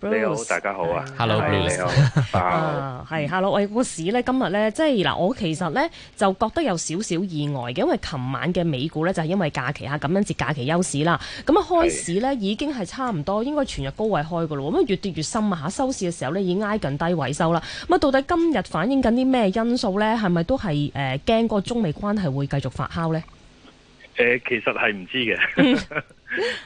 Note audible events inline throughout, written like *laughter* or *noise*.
Bruce, 你好，大家好啊 Hello 你好啊，係 *laughs* Bye、uh, Hello，我股市咧今日咧，即係嗱，我其實咧就覺得有少少意外嘅，因為琴晚嘅美股咧就係、是、因為假期啊，感恩節假期休市啦，咁啊開市咧是已經係差唔多應該全日高位開噶啦，咁越跌越深啊，吓收市嘅時候咧已經挨近低位收啦，咁啊到底今日反映緊啲咩因素咧？係咪都係誒驚嗰個中美關係會繼續發酵咧？誒、呃，其實係唔知嘅。 *laughs*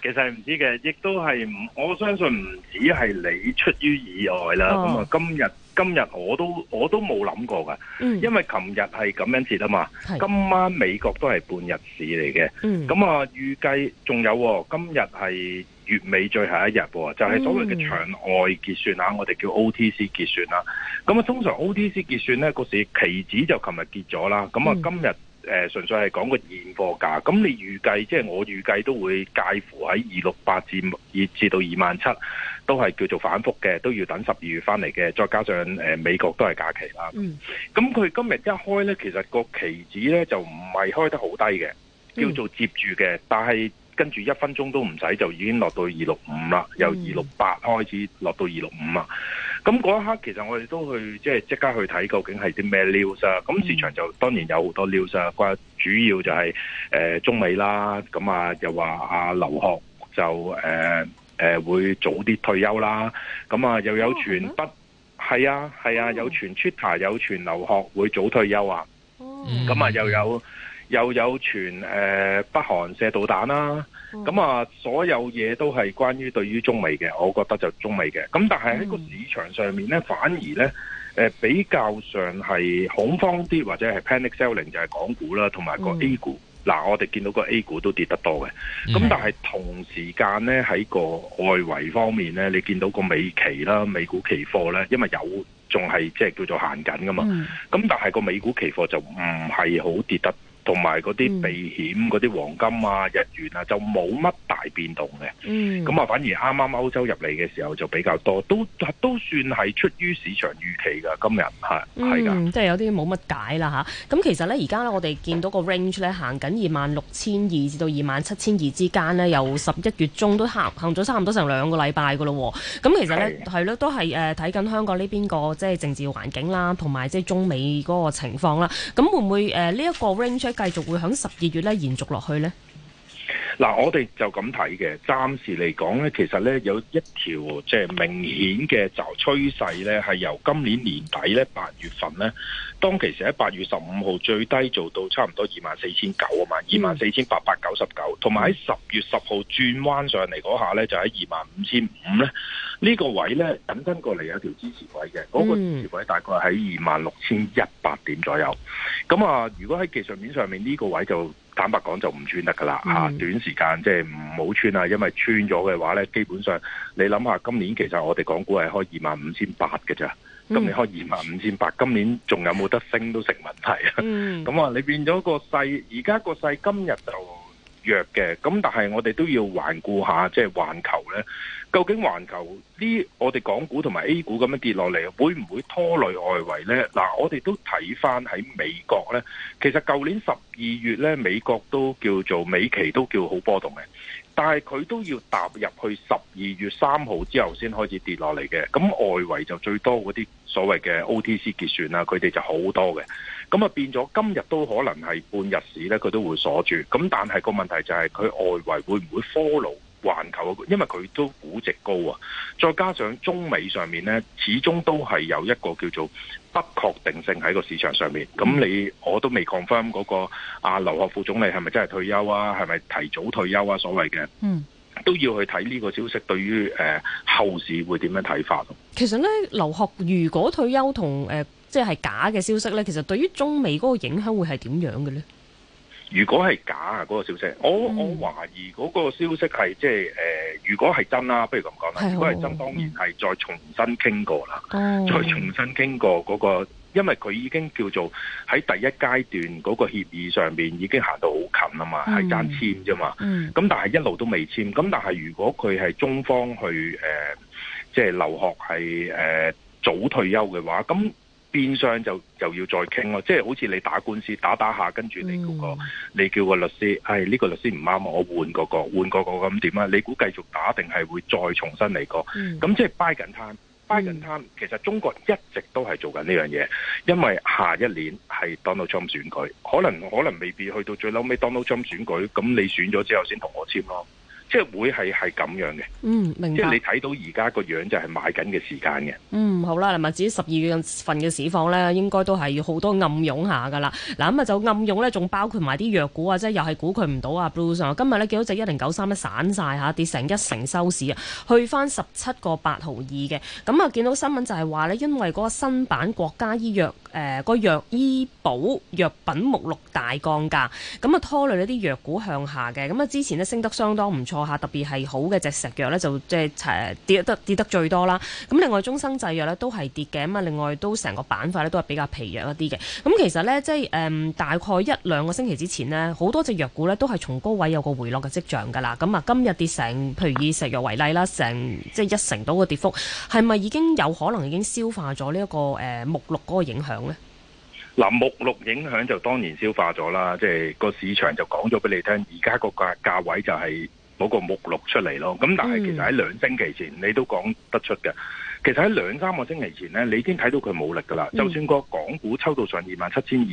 其實唔知嘅，亦都係我相信唔止係你出於意外啦。咁啊、哦，今日今日我都我都冇諗過噶，嗯、因為琴日係感恩節啊嘛。是今晚美國都係半日市嚟嘅。咁啊、嗯，嗯嗯、預計仲有、哦、今日係月尾最後一日、哦，就係、是、所謂嘅場外結算啊，嗯、我哋叫 O T C 結算啦。咁、嗯、啊，通常 O T C 結算呢嗰時期指就琴日結咗啦。咁、嗯、啊，今日、嗯。誒純粹係講個現貨價，咁你預計即係、就是、我預計都會介乎喺二六八至二至到二萬七，都係叫做反覆嘅，都要等十二月翻嚟嘅。再加上誒美國都係假期啦。咁佢、嗯、今日一開呢，其實個期指呢就唔係開得好低嘅，叫做接住嘅。嗯、但係跟住一分鐘都唔使就已經落到二六五啦，由二六八開始落到二六五啦。咁嗰、嗯、一刻，其實我哋都去即係即刻去睇究竟係啲咩 news 啊！咁、嗯、市、嗯、場就當然有好多 news 啊，主要就係、是、誒、呃、中美啦，咁啊又話啊劉鶴就誒誒、呃呃、會早啲退休啦，咁啊又有傳不係、嗯、啊係啊有傳 Twitter 有傳劉鶴會早退休啊！咁啊、嗯、又有又有傳誒、呃、北韓射導彈啦，咁啊、嗯、所有嘢都係關於對於中美嘅，我覺得就中美嘅。咁但係喺個市場上面咧，反而咧、呃、比較上係恐慌啲或者係 panic selling 就係港股啦，同埋個 A 股。嗱、嗯，我哋見到個 A 股都跌得多嘅。咁、嗯、但係同時間咧喺個外圍方面咧，你見到個美期啦、美股期貨咧，因為有。仲係即係叫做行緊噶嘛，咁但係個美股期貨就唔係好跌得。同埋嗰啲避險嗰啲、嗯、黃金啊、日元啊，就冇乜大變動嘅。咁啊、嗯，反而啱啱歐洲入嚟嘅時候就比較多，都都算係出於市場預期㗎。今日係係㗎，嗯、的即係有啲冇乜解啦咁、啊嗯、其實咧，而家咧，我哋見到個 range 咧行緊二萬六千二至到二萬七千二之間呢，由十一月中都行行咗差唔多成兩個禮拜㗎咯喎。咁、嗯、其實咧係咯，都係睇緊香港呢邊個即係政治環境啦，同埋即係中美嗰個情況啦。咁會唔會呢一、呃呢個 range？繼續會響十二月咧延續落去呢。嗱，我哋就咁睇嘅，暫時嚟講呢，其實呢有一條即係明顯嘅就趨勢咧，係由今年年底呢八月份呢，當其時喺八月十五號最低做到差唔多二萬四千九啊嘛，二萬四千八百九十九，同埋喺十月十號轉彎上嚟嗰下呢，就喺二萬五千五呢。呢個位呢緊跟過嚟有條支持位嘅，嗰、嗯、個支持位大概喺二萬六千一百點左右。咁啊，如果喺技術面上面呢、呢個位就坦白講就唔穿得㗎啦、嗯啊、短時間即係唔好穿啊，因為穿咗嘅話呢，基本上你諗下今年其實我哋港股係開二萬五千八嘅咋，咁你開二萬五千八，今年仲有冇得升都成問題啊？咁、嗯、啊，你變咗個勢，而家個勢今日就～弱嘅，咁但係我哋都要環顧下，即係環球呢。究竟環球呢？我哋港股同埋 A 股咁樣跌落嚟，會唔會拖累外圍呢？嗱，我哋都睇翻喺美國呢。其實舊年十二月呢，美國都叫做美期都叫好波動嘅。但係佢都要踏入去十二月三號之後先開始跌落嚟嘅，咁外圍就最多嗰啲所謂嘅 OTC 結算啦，佢哋就好多嘅，咁啊變咗今日都可能係半日市咧，佢都會鎖住。咁但係個問題就係佢外圍會唔會 follow 環球啊？因為佢都估值高啊，再加上中美上面呢，始終都係有一個叫做。不確定性喺個市場上面，咁你我都未 confirm 嗰、那個阿劉鶴副總理係咪真係退休啊？係咪提早退休啊？所謂嘅，都要去睇呢個消息，對於誒、呃、後市會點樣睇法？其實呢，劉鶴如果退休同誒、呃、即係假嘅消息呢，其實對於中美嗰個影響會係點樣嘅呢？如果係假啊，嗰、那個消息，我我懷疑嗰個消息係即係誒、呃。如果係真啦，不如咁講啦。是好如果係真，當然係再重新傾過啦，嗯、再重新傾過嗰、那個，因為佢已經叫做喺第一階段嗰個協議上面已經行到好近啦嘛，係爭、嗯、簽啫嘛。咁、嗯嗯、但係一路都未簽。咁但係如果佢係中方去誒，即、呃、係、就是、留學係誒、呃、早退休嘅話，咁。變相就就要再傾咯，即係好似你打官司打打下，跟住你嗰、那個、嗯、你叫個律師，係、哎、呢、這個律師唔啱，我換嗰、那個換、那個個咁點啊？你估繼續打定係會再重新嚟過？咁、嗯、即係 buy 緊 time，buy 緊 time，其實中國一直都係做緊呢樣嘢，因為下一年係 Donald Trump 選舉，可能可能未必去到最嬲尾 Donald Trump 選舉，咁你選咗之後先同我簽咯。即係會係係咁樣嘅，嗯、明白即係你睇到而家個樣就係買緊嘅時間嘅。嗯，好啦，嗱，至於十二月份嘅市況咧，應該都係好多暗湧下噶啦。嗱、嗯，咁啊就暗湧咧，仲包括埋啲藥股啊，即係又係估佢唔到啊。Blues 今日呢，見到隻一零九三咧散晒，嚇，跌成一成收市啊，去翻十七個八毫二嘅。咁啊，見到新聞就係話呢，因為嗰個新版國家醫藥。誒、呃那個藥醫保藥品目錄大降價，咁啊拖累一啲藥股向下嘅。咁啊之前呢升得相當唔錯下，特別係好嘅隻石藥呢，就即係、呃、跌得跌得最多啦。咁另外中生製藥呢都係跌嘅，咁啊另外都成個板塊呢都係比較疲弱一啲嘅。咁其實呢，即係、呃、大概一兩個星期之前呢，好多隻藥股呢都係從高位有個回落嘅跡象㗎啦。咁啊今日跌成譬如以石藥為例啦，成即係一成多嘅跌幅，係咪已經有可能已經消化咗呢一個誒、呃、目錄嗰個影響？嗱，目錄影響就當然消化咗啦，即係個市場就講咗俾你聽，而家個價位就係嗰個目錄出嚟咯。咁但係其實喺兩星期前，你都講得出嘅。其實喺兩三個星期前咧，你已經睇到佢冇力噶啦。就算個港股抽到上二萬七千二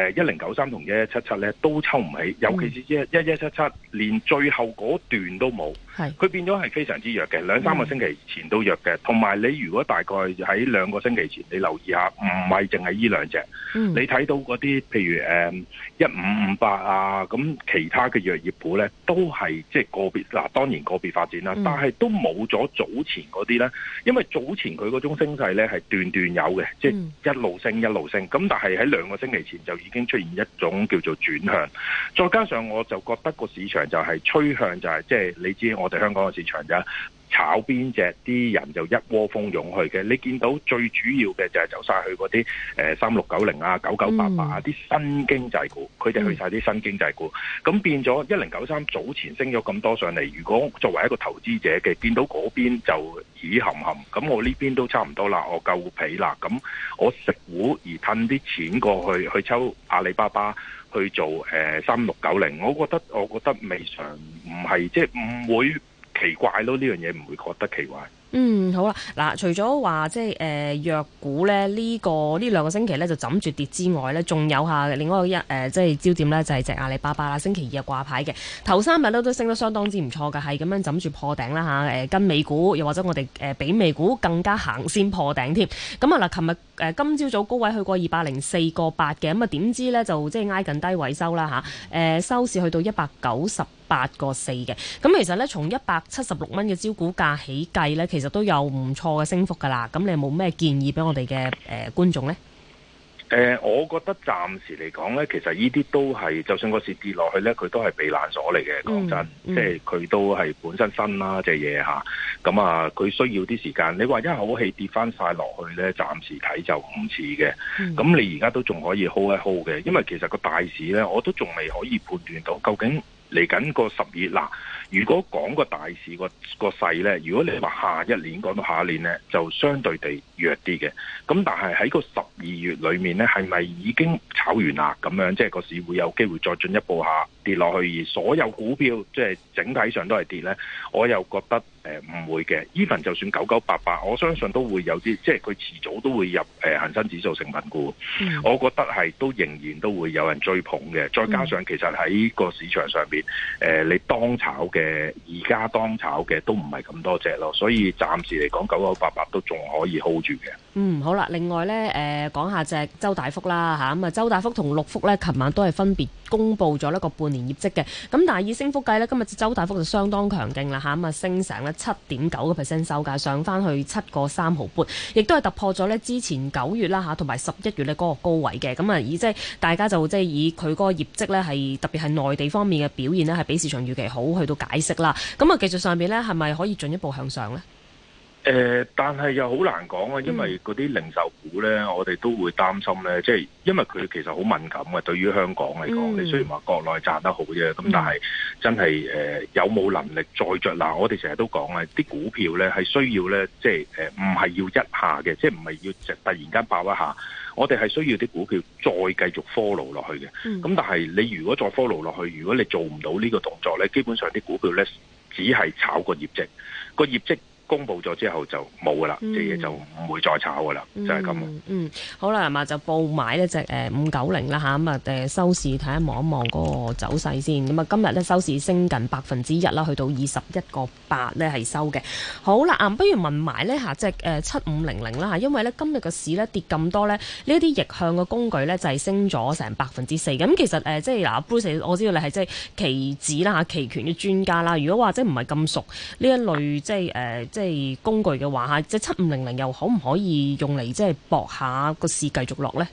咧，誒一零九三同一一七七咧都抽唔起，尤其是一一七七連最後嗰段都冇。佢是變咗係非常之弱嘅，兩三個星期前都弱嘅。同埋、嗯、你如果大概喺兩個星期前，你留意下，唔係淨係呢兩隻兩隻，嗯、你睇到嗰啲，譬如誒一五五八啊，咁其他嘅藥業股呢，都係即係個別，嗱、啊、當然個別發展啦，嗯、但係都冇咗早前嗰啲呢，因為早前佢嗰種升勢呢係斷斷有嘅，即、就、係、是、一路升一路升。咁、嗯、但係喺兩個星期前就已經出現一種叫做轉向，再加上我就覺得個市場就係趨向就係即係你知我我哋香港嘅市場啫。炒邊隻啲人就一窩蜂湧去嘅，你見到最主要嘅就係走晒去嗰啲誒三六九零啊九九八八啊啲新經濟股，佢哋去晒啲新經濟股，咁變咗一零九三早前升咗咁多上嚟，如果作為一個投資者嘅，見到嗰邊就耳含含，咁我呢邊都差唔多啦，我夠皮啦，咁我食糊而吞啲錢過去去抽阿里巴巴去做誒三六九零，我覺得我覺得未嘗唔係即係唔會。奇怪咯，呢樣嘢唔會覺得奇怪。嗯，好啦，嗱、啊，除咗話即係誒藥股呢呢、這個呢兩個星期呢就枕住跌之外呢，仲有下另外一個誒、呃、即係焦點呢就係隻阿里巴巴啦。星期二啊掛牌嘅，頭三日都都升得相當之唔錯嘅，係咁樣枕住破頂啦嚇跟美股又或者我哋、呃、比美股更加行先破頂添。咁啊嗱，琴、嗯、日、啊呃、今朝早高位去過二百零四個八嘅，咁啊點知呢就即係挨近低位收啦嚇、啊呃、收市去到一百九十。八個四嘅，咁其實咧從一百七十六蚊嘅招股價起計咧，其實都有唔錯嘅升幅噶啦。咁你有冇咩建議俾我哋嘅誒觀眾咧？誒、呃，我覺得暫時嚟講咧，其實呢啲都係，就算個市跌落去咧，佢都係避難所嚟嘅。講、嗯、真，即係佢都係本身新啦隻嘢吓。咁啊，佢需要啲時間。你話一口氣跌翻晒落去咧，暫時睇就唔似嘅。咁、嗯、你而家都仲可以 hold 一 hold 嘅，因為其實個大市咧，我都仲未可以判斷到究竟。嚟緊個十二月嗱、啊，如果講個大市個、個勢咧，如果你話下一年講到下一年咧，就相對地弱啲嘅。咁但係喺個十二月裏面咧，係咪已經炒完啦？咁樣即係個市會有機會再進一步下？跌落去而所有股票即係整體上都係跌咧，我又覺得誒唔會嘅。Even 就算九九八八，我相信都會有啲即係佢遲早都會入誒恒生指數成分股。嗯、我覺得係都仍然都會有人追捧嘅。再加上其實喺個市場上邊誒、呃、你當炒嘅而家當炒嘅都唔係咁多隻咯，所以暫時嚟講九九八八都仲可以 hold 住嘅。嗯，好啦，另外咧誒、呃、講下隻周大福啦吓，咁啊，周大福同六福咧，琴晚都係分別公布咗一個半。年業績嘅咁，但係以升幅計咧，今日周大福就相當強勁啦嚇咁啊，升成咧七點九個 percent，收價上返去七個三毫半，亦都係突破咗咧之前九月啦嚇同埋十一月呢嗰個高位嘅咁啊，以即係大家就即係以佢嗰個業績咧係特別係內地方面嘅表現呢，係比市場預期好去到解釋啦。咁啊，技術上邊呢，係咪可以進一步向上呢？誒，但係又好難講啊，因為嗰啲零售股咧，我哋都會擔心咧，即係因為佢其實好敏感啊，對於香港嚟講，你雖然話國內賺得好啫，咁但係真係誒有冇能力再着？嗱，我哋成日都講咧，啲股票咧係需要咧，即係誒唔係要一下嘅，即係唔係要即係突然間爆一下，我哋係需要啲股票再繼續 follow 落去嘅。咁但係你如果再 follow 落去，如果你做唔到呢個動作咧，基本上啲股票咧只係炒個業績，個業績。公布咗之後就冇噶啦，啲嘢、嗯、就唔會再炒噶啦，嗯、就係咁。嗯，好啦，咁就報買一隻誒五九零啦嚇，咁啊收市睇一望一望嗰個走勢先。咁啊今日咧收市升近百分之一啦，去到二十一個八咧係收嘅。好啦，啊不如問埋呢即隻誒七五零零啦，因為咧今日嘅市咧跌咁多咧，呢一啲逆向嘅工具咧就係升咗成百分之四。咁其實誒即係嗱，Bruce，我知道你係即係期指啦嚇、期權嘅專家啦。如果或者唔係咁熟呢一類即係、呃即係工具嘅話嚇，即係七五零零又可唔可以用嚟即係博下個市繼續落咧？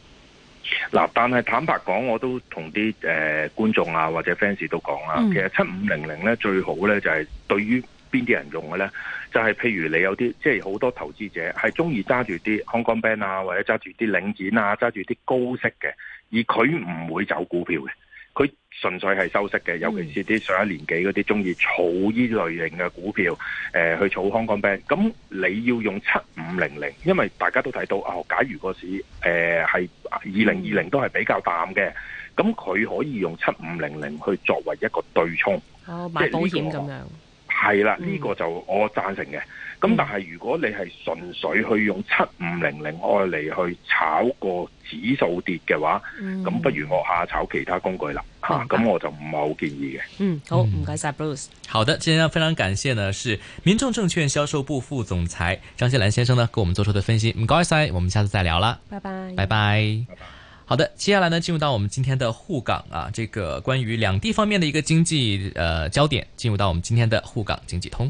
嗱，但係坦白講，我都同啲誒觀眾啊或者 fans 都講啦，嗯、其實七五零零咧最好咧就係、是、對於邊啲人用嘅咧，就係、是、譬如你有啲即係好多投資者係中意揸住啲 Hong Kong band 啊，或者揸住啲領展啊，揸住啲高息嘅，而佢唔會走股票嘅。佢純粹係收息嘅，尤其是啲上一年幾嗰啲中意儲呢類型嘅股票，誒、嗯、去儲 Hong Kong Bank。咁你要用七五零零，因為大家都睇到啊、哦，假如個市誒係二零二零都係比較淡嘅，咁佢可以用七五零零去作為一個對沖，即係呢個，買保險，咁樣係啦，呢、這個就我贊成嘅。嗯咁、嗯、但係如果你係純粹去用七五零零愛嚟去炒個指數跌嘅話，咁、嗯、不如我下炒其他工具啦吓，咁白、啊、我就唔係好建議嘅。嗯，好，唔該晒 Bruce。好的，今天要非常感謝呢，是民眾證券銷售部副總裁張曦嵐先生呢，給我們做出的分析。咁唔該晒我們下次再聊啦。拜拜，拜拜。好的，接下來呢，進入到我們今天的滬港啊，這個關於兩地方面的一個經濟，呃，焦點，進入到我們今天的滬港經濟通。